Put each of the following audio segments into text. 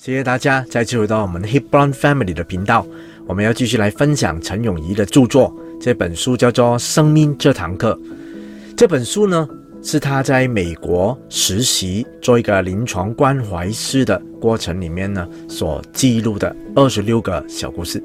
謝謝大家，再次回到我們 Hebron Family 的頻道。我們要繼續來分享陳永儀的著作，這本書叫做《生命這堂課》。這本書呢，是他在美國實習做一個臨床關懷師的過程裡面呢，所記錄的二十六個小故事。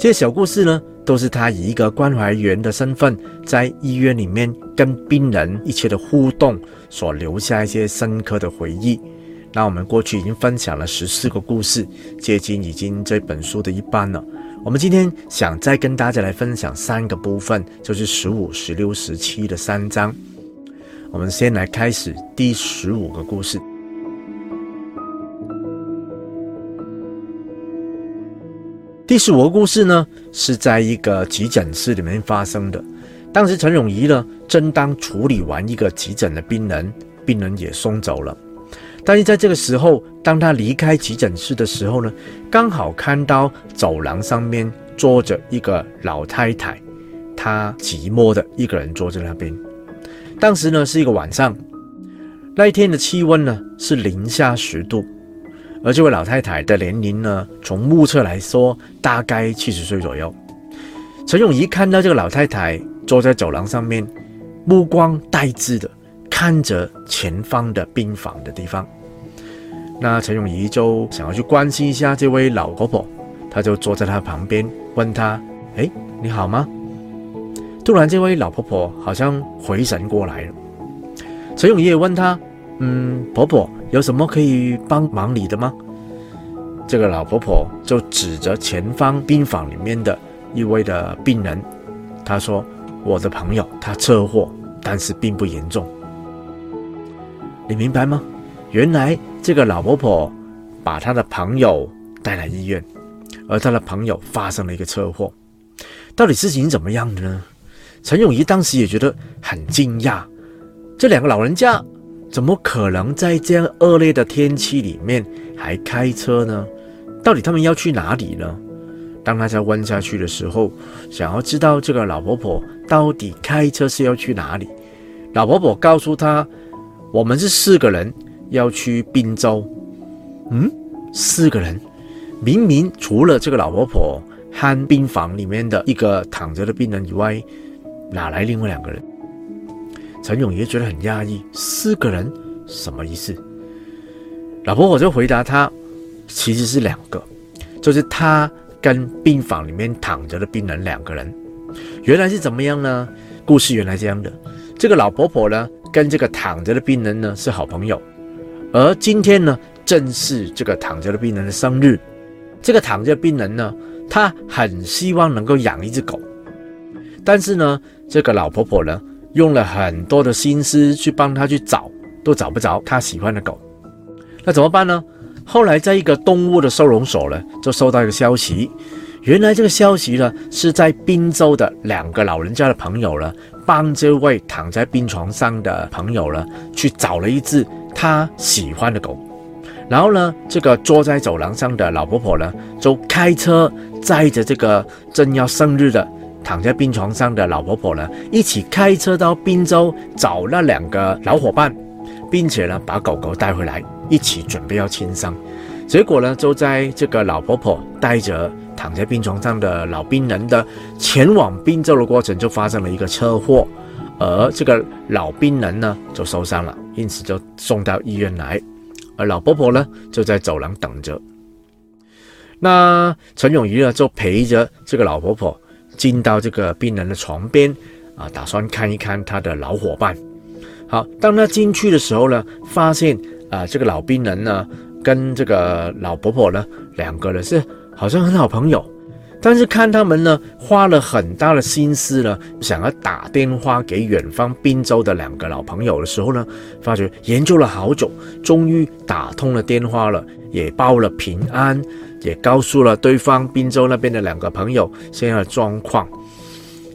這些小故事呢，都是他以一個關懷員的身份在醫院裡面跟病人一切的互動，所留下一些深刻的回憶。那我們過去已經分享了十四個故事，接近已經這本書的一半了。我們今天想再跟大家來分享三個部分，就是十五、十六、十七的三章。我們先來開始第十五個故事。第十五個故事呢，是在一個急診室裡面發生的。當時陳永儀呢，正當處理完一個急診的病人，病人也送走了。但是在這個時候，當他離開急診室的時候呢，剛好看到走廊上面坐着一個老太太，她寂寞的一個人坐在那邊。當時呢是一個晚上，那一天的氣溫呢是零下十度，而這位老太太的年齡呢，從目測來說大概七十歲左右。陳永儀看到這個老太太坐在走廊上面，目光呆滯的看着前方的病房的地方，那陳永儀就想要去關心一下這位老婆婆，她就坐在她旁邊，問她：“誒，你好嗎？”突然，這位老婆婆好像回神過來了。陳永儀也問她：“嗯，婆婆有什麼可以幫忙你的嗎？”這個老婆婆就指着前方病房裡面的一位的病人，她說：“我的朋友他車禍，但是並不嚴重。”你明白嗎？原來這個老婆婆把她的朋友帶來醫院，而她的朋友發生了一個車禍。到底事情怎麼樣的呢？陳永儀當時也覺得很驚訝，這兩個老人家怎麼可能在這樣惡劣的天氣裡面還開車呢？到底他們要去哪裡呢？當大家問下去的時候，想要知道這個老婆婆到底開車是要去哪裡。老婆婆告訴她，我們是四個人要去賓州，嗯，四個人。明明除了這個老婆婆和病房裡面的一個躺着的病人以外，哪來另外兩個人？陳永儀也覺得很訝異。四個人什麼意思？老婆婆就回答他，其實是兩個，就是他跟病房裡面躺着的病人兩個人。原來是怎麼樣呢？故事原來是這樣的，這個老婆婆呢？跟這個躺着的病人呢，是好朋友，而今天呢，正是這個躺着的病人的生日。這個躺着的病人呢，他很希望能夠養一隻狗，但是呢，這個老婆婆呢，用了很多的心思去幫他去找，都找不着他喜歡的狗。那怎麼辦呢？後來在一個動物的收容所呢，就收到一個消息。原來這個消息呢，是在賓州的兩個老人家的朋友呢，幫這位躺在病床上的朋友呢，去找了一隻他喜歡的狗。然後呢，這個坐在走廊上的老婆婆呢，就開車載着這個正要生日的躺在病床上的老婆婆呢，一起開車到賓州找那兩個老夥伴，並且呢，把狗狗帶回來，一起準備要慶生。結果呢，就在這個老婆婆帶着。躺在病床上的老病人的前往賓州的過程就發生了一個車禍，而這個老病人呢，就受傷了，因此就送到醫院來，而老婆婆呢，就在走廊等着。那陳永儀呢，就陪着這個老婆婆進到這個病人的床邊啊，打算看一看他的老夥伴。好，當他進去的時候呢，發現啊，這個老病人呢跟這個老婆婆呢兩個人是。好像很好朋友，但是看他們呢，花了很大的心思呢，想要打電話給遠方賓州的兩個老朋友的時候呢，發覺研究了好久，終於打通了電話了，也報了平安，也告訴了對方賓州那邊的兩個朋友現在的狀況。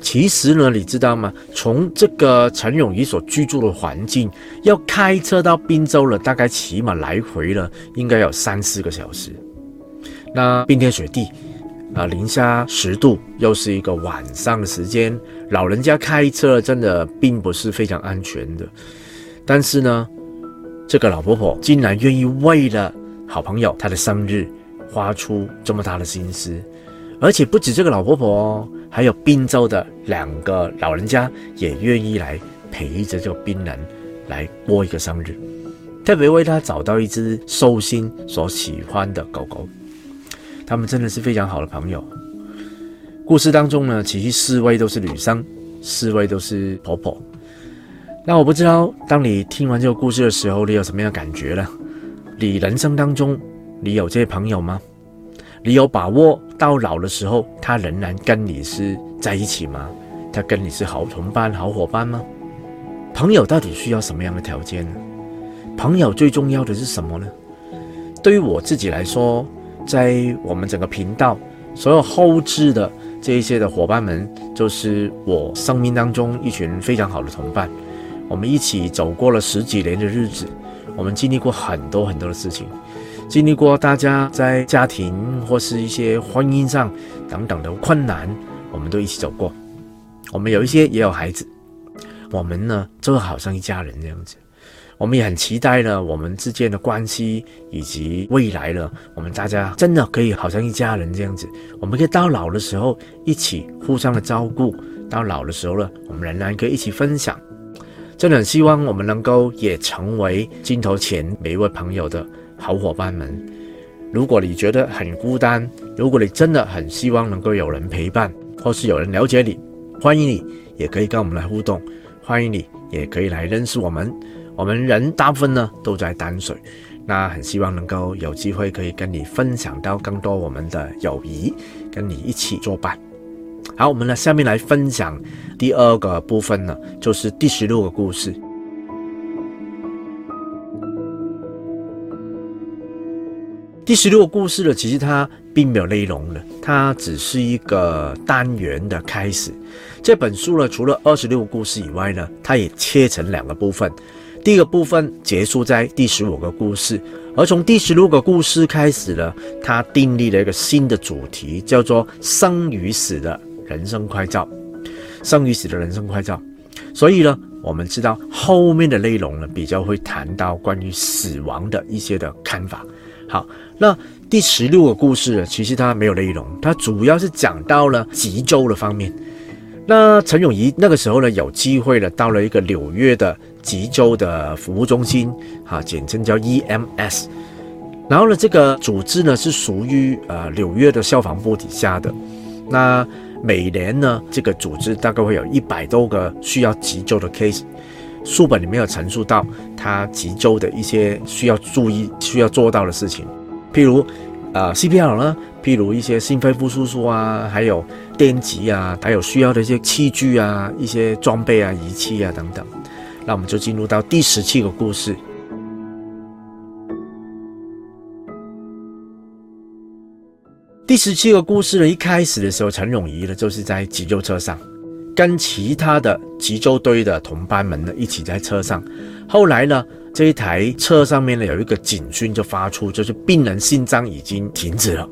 其實呢，你知道嗎？從這個陳永儀所居住的環境，要開車到賓州了，大概起碼來回呢，應該有三四個小時。那冰天雪地，啊、呃，零下十度，又是一個晚上的時間。老人家開車真的並不是非常安全的。但是呢，這個老婆婆竟然願意為了好朋友她的生日，花出這麼大的心思。而且不止這個老婆婆、哦，還有賓州的兩個老人家也願意來陪着這個病人，來過一個生日，特別為他找到一隻壽星所喜歡的狗狗。他們真的是非常好的朋友。故事當中呢，其實四位都是女生，四位都是婆婆。那我不知道，當你聽完這個故事的時候，你有什麼樣的感覺呢？你人生當中，你有這些朋友嗎？你有把握到老的時候，他仍然跟你是在一起嗎？他跟你是好同伴、好夥伴嗎？朋友到底需要什麼樣的條件呢？朋友最重要的是什麼呢？對於我自己來說。在我們整個頻道，所有後製的這一些的夥伴們，就是我生命當中一群非常好的同伴。我們一起走過了十幾年的日子，我們經歷過很多很多的事情，經歷過大家在家庭或是一些婚姻上等等的困難，我們都一起走過。我們有一些也有孩子，我們呢就好像一家人那樣子。我們也很期待呢，我們之間的關係以及未來呢，我們大家真的可以好像一家人這樣子，我們可以到老的時候一起互相的照顧。到老的時候呢，我們仍然可以一起分享。真的很希望我們能夠也成為鏡頭前每一位朋友的好夥伴們。如果你覺得很孤單，如果你真的很希望能夠有人陪伴，或是有人了解你，歡迎你也可以跟我們來互動。歡迎你也可以來認識我們。我們人大部分呢都在淡水，那很希望能夠有機會可以跟你分享到更多我們的友誼，跟你一起作伴。好，我們呢下面來分享第二個部分呢，就是第十六個故事。第十六個故事呢，其實它並沒有內容的，它只是一個單元的開始。這本書呢，除了二十六個故事以外呢，它也切成兩個部分。第一個部分結束在第十五個故事，而從第十六個故事開始呢，他訂立了一個新的主題，叫做生與死的人生快照。生與死的人生快照，所以呢，我們知道後面的內容呢，比較會談到關於死亡的一些的看法。好，那第十六個故事呢，其實它沒有內容，它主要是講到了急救的方面。那陳永儀那個時候呢，有機會呢，到了一個紐約的。急救的服務中心，哈、啊，簡稱叫 EMS。然後呢，這個組織呢是屬於呃紐約的消防部底下的。那每年呢，這個組織大概會有一百多個需要急救的 case。書本裡面有陳述到他急救的一些需要注意、需要做到的事情，譬如，呃 CPL 呢，譬如一些心肺復甦術啊，還有電擊啊，還有需要的一些器具啊、一些裝備啊、儀器啊等等。那我們就進入到第十七個故事。第十七個故事呢，一開始的時候，陳永儀呢，就是在急救車上，跟其他的急救隊的同伴們呢，一起在車上。後來呢，這一台車上面呢，有一個警訊就發出，就是病人心臟已經停止了，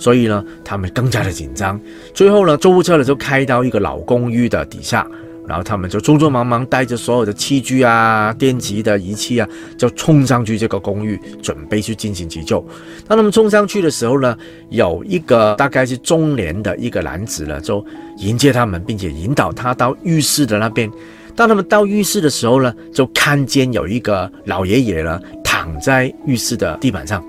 所以呢，他們更加的緊張。最後呢，救護車呢，就開到一個老公寓的底下。然後他們就匆匆忙忙帶着所有的器具啊、電擊的儀器啊，就衝上去這個公寓，準備去進行急救。當他們衝上去的時候呢，有一個大概是中年的一個男子呢，就迎接他們，並且引導他到浴室的那邊。當他們到浴室的時候呢，就看見有一個老爺爺呢躺在浴室的地板上。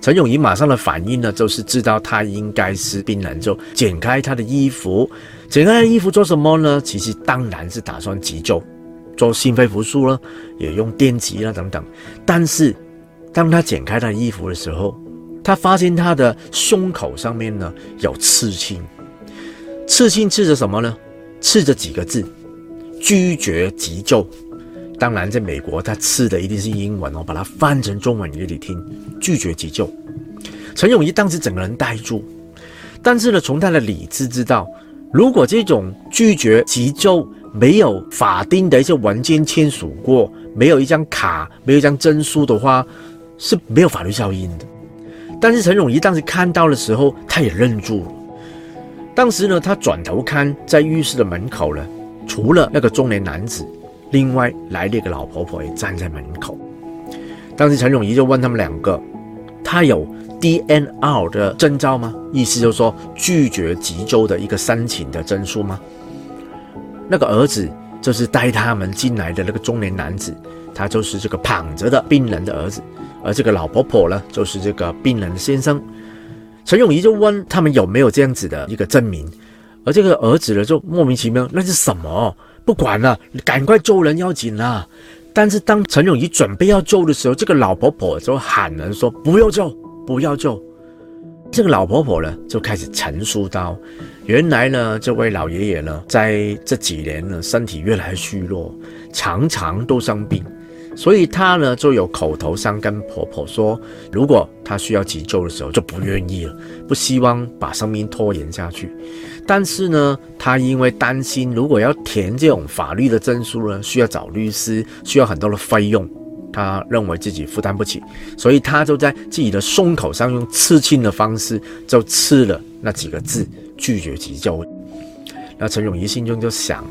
陳永儀馬上的反應呢，就是知道他應該是冰冷，就剪開他的衣服。剪開他的衣服做什麼呢？其實當然是打算急救，做心肺復蘇了，也用電擊啦、等等。但是當他剪開他的衣服的時候，他發現他的胸口上面呢有刺青，刺青刺着什麼呢？刺着幾個字：拒絕急救。當然，在美國他刺的一定是英文哦，我把它翻成中文你就得聽拒絕急救。陳永儀當時整個人呆住，但是呢，從他的理智知道。如果這種拒絕急救沒有法定的一些文件簽署過，沒有一張卡，沒有一張證書的話，是沒有法律效應的。但是陳永儀當時看到的時候，他也愣住了。當時呢，他轉頭看在浴室的門口呢，除了那個中年男子，另外來了一個老婆婆也站在門口。當時陳永儀就問他們兩個，他有。D N R 的徵兆嗎？意思就是說拒絕急救的一個申請的證書嗎？那個兒子就是帶他們進來的那個中年男子，他就是這個躺着的病人的兒子，而這個老婆婆呢，就是這個病人的先生。陳永儀就問他們有沒有這樣子的一個證明，而這個兒子呢就莫名其妙，那是什麼？不管了、啊，你趕快救人要緊啊！但是當陳永儀準備要救的時候，這個老婆婆就喊人說不要救。不要救。這個老婆婆呢就開始陳述道：原來呢這位老爺爺呢在這幾年呢身體越來越虛弱，常常都生病，所以他呢就有口頭上跟婆婆說，如果他需要急救的時候就不願意了，不希望把生命拖延下去。但是呢，他因為擔心，如果要填這種法律的證書呢，需要找律師，需要很多的費用。他認為自己負擔不起，所以他就在自己的胸口上用刺青的方式，就刺了那幾個字，拒絕急救。那陳永儀心中就想，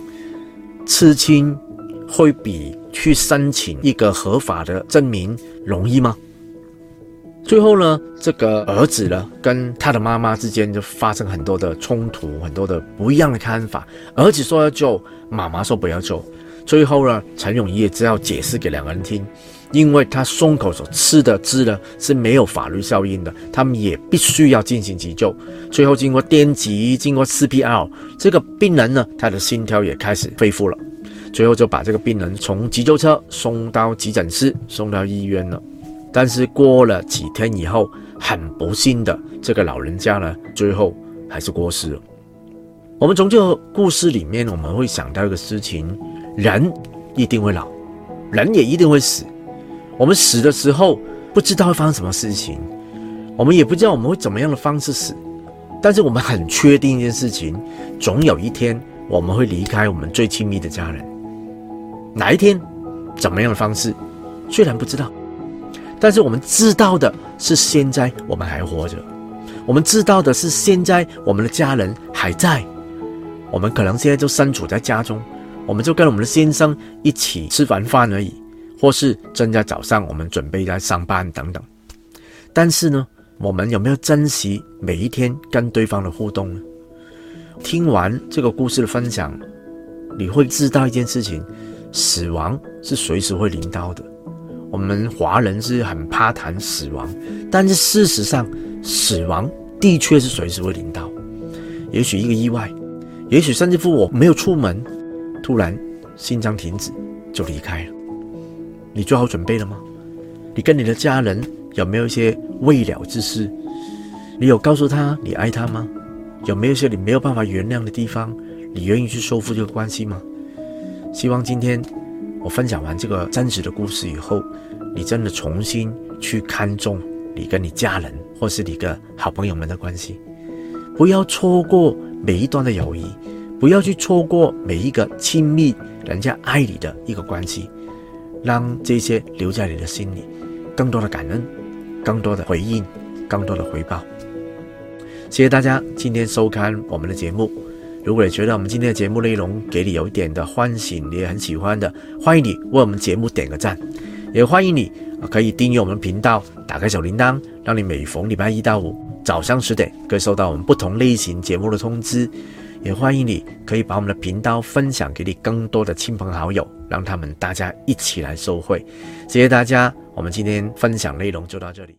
刺青會比去申請一個合法的證明容易嗎？最後呢，這個兒子呢，跟他的媽媽之間就發生很多的衝突，很多的不一樣的看法。兒子說要救，媽媽說不要救。最後呢，陳永儀也知道解釋給兩個人聽。因為他胸口所刺的字呢是沒有法律效應的，他們也必須要進行急救。最後經過電擊，經過 CPR，這個病人呢，他的心跳也開始恢復了。最後就把這個病人從急救車送到急診室，送到醫院了。但是過了幾天以後，很不幸的，這個老人家呢，最後還是過世了。我們從這個故事裡面，我們會想到一個事情：人一定會老，人也一定會死。我們死的時候不知道會發生什麼事情，我們也不知道我們會怎麼樣的方式死，但是我們很確定一件事情：總有一天我們會離開我們最親密的家人。哪一天、怎麼樣的方式，雖然不知道，但是我們知道的是現在我們還活着，我們知道的是現在我們的家人還在。我們可能現在就身處在家中，我們就跟我們的先生一起吃完飯而已。或是正在早上，我們準備在上班等等。但是呢，我們有沒有珍惜每一天跟對方的互動呢？聽完這個故事的分享，你會知道一件事情：死亡是隨時會臨到的。我們華人是很怕談死亡，但是事實上，死亡的確是隨時會臨到。也許一個意外，也許甚至乎我沒有出門，突然心臟停止，就離開了。你做好準備了嗎？你跟你的家人有沒有一些未了之事？你有告訴他你愛他嗎？有沒有一些你沒有辦法原諒的地方？你願意去修復這個關係嗎？希望今天我分享完這個真實的故事以後，你真的重新去看重你跟你家人或是你的好朋友們的關係，不要錯過每一段的友誼，不要去錯過每一個親密人家愛你的一個關係。讓這些留在你的心裡，更多的感恩，更多的回應，更多的回報。謝謝大家今天收看我們的節目。如果你覺得我們今天的節目內容給你有一點的喚醒，你也很喜歡的，歡迎你為我們節目點個讚，也歡迎你可以訂閱我們頻道，打開小鈴鐺，讓你每逢禮拜一到五早上十點，可以收到我們不同類型節目的通知。也歡迎你，可以把我們的頻道分享給你更多的親朋好友，讓他們大家一起來受惠。謝謝大家，我們今天分享內容就到這裡。